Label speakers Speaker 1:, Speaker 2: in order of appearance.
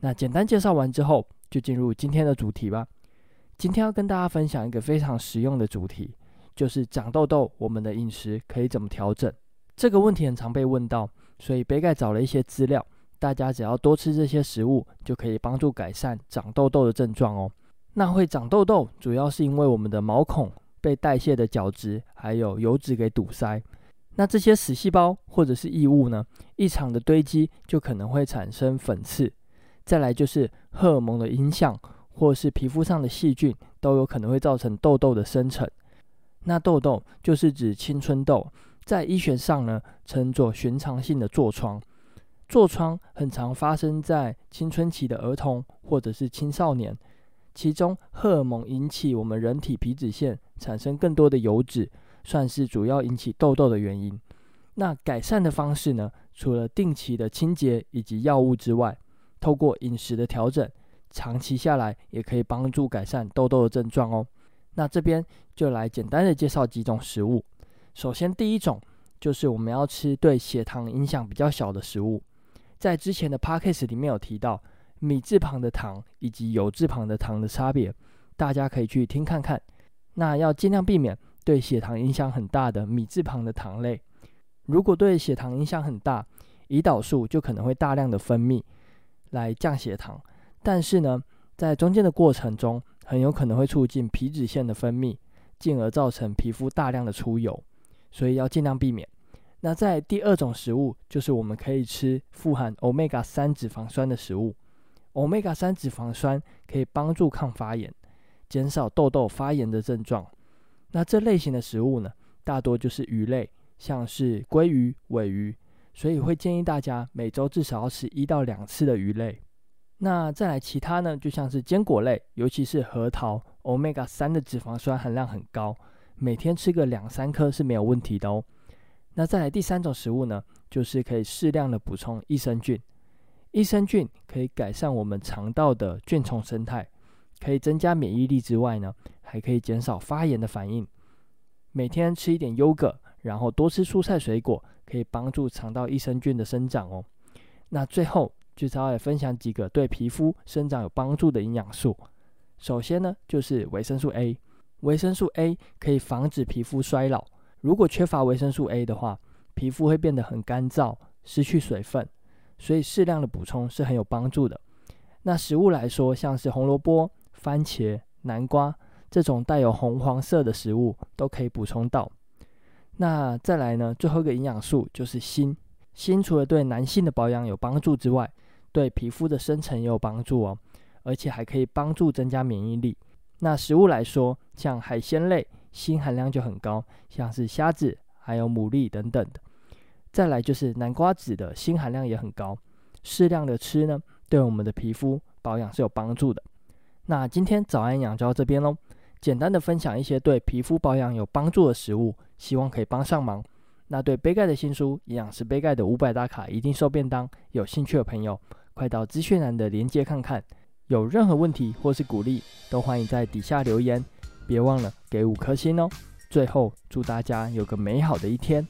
Speaker 1: 那簡單介紹完之後，就進入今天的主題吧。今天要跟大家分享一個非常實用的主題，就是長痘痘，我們的飲食可以怎麼調整？這個問題很常被問到，所以杯蓋找了一些資料。大家只要多吃這些食物，就可以幫助改善長痘痘的症狀哦。那會長痘痘，主要是因為我們的毛孔被代謝的角質還有油脂給堵塞。那這些死細胞或者是異物呢，異常的堆積，就可能會產生粉刺。再來就是荷爾蒙的影響，或是皮膚上的細菌，都有可能會造成痘痘的生成。那痘痘就是指青春痘，在醫學上呢，稱作尋常性的痤瘡。痤瘡很常發生在青春期的兒童或者是青少年，其中荷爾蒙引起我們人體皮脂腺產生更多的油脂，算是主要引起痘痘的原因。那改善的方式呢，除了定期的清潔以及藥物之外，透過飲食的調整，長期下來也可以幫助改善痘痘的症狀哦。那這邊就來簡單的介紹幾種食物。首先，第一種就是我們要吃對血糖影響比較小的食物。在之前的 Podcast 裡面有提到米字旁的糖以及酉字旁的醣的差別，大家可以去聽看看。那要盡量避免對血糖影響很大的米字旁的糖類。如果對血糖影響很大，胰島素就可能會大量的分泌，來降血糖，但是呢，在中間的過程中，很有可能會促進皮脂腺的分泌，進而造成皮膚大量的出油，所以要盡量避免。那在第二種食物，就是我們可以吃富含歐米伽三脂肪酸的食物。歐米伽三脂肪酸可以幫助抗發炎，減少痘痘發炎的症狀。那這類型的食物呢，大多就是魚類，像是鮭魚、鮪魚。所以會建議大家每周至少要吃一到兩次的魚類。那再來其他呢？就像是堅果類，尤其是核桃，歐米伽三的脂肪酸含量很高，每天吃個兩三顆是沒有問題的哦。那再來第三種食物呢，就是可以適量的補充益生菌。益生菌可以改善我們腸道的菌叢生態，可以增加免疫力之外呢，還可以減少發炎的反應。每天吃一點優格。然後多吃蔬菜水果，可以幫助腸道益生菌的生長哦。那最後就是要來分享幾個對皮膚生長有幫助的營養素。首先呢，就是維生素 A，維生素 A 可以防止皮膚衰老。如果缺乏維生素 A 的話，皮膚會變得很乾燥，失去水分，所以適量的補充是很有幫助的。那食物來說，像是紅蘿蔔、番茄、南瓜這種帶有紅黃色的食物，都可以補充到。那再來呢？最後一個營養素就是鋅。鋅除了對男性的保養有幫助之外，對皮膚的生成也有幫助哦，而且還可以幫助增加免疫力。那食物來說，像海鮮類鋅含量就很高，像是蝦子、還有牡蠣等等的。再來就是南瓜子的鋅含量也很高，適量的吃呢，對我們的皮膚保養是有幫助的。那今天早安養就到這邊嘍。簡單的分享一些對皮膚保養有幫助的食物，希望可以幫上忙。那對杯蓋的新書《營養師杯蓋的五百大卡一定瘦便當》，有興趣的朋友快到資訊欄的鏈接看看。有任何問題或是鼓勵，都歡迎在底下留言。別忘了給五顆星哦。最後，祝大家有個美好的一天。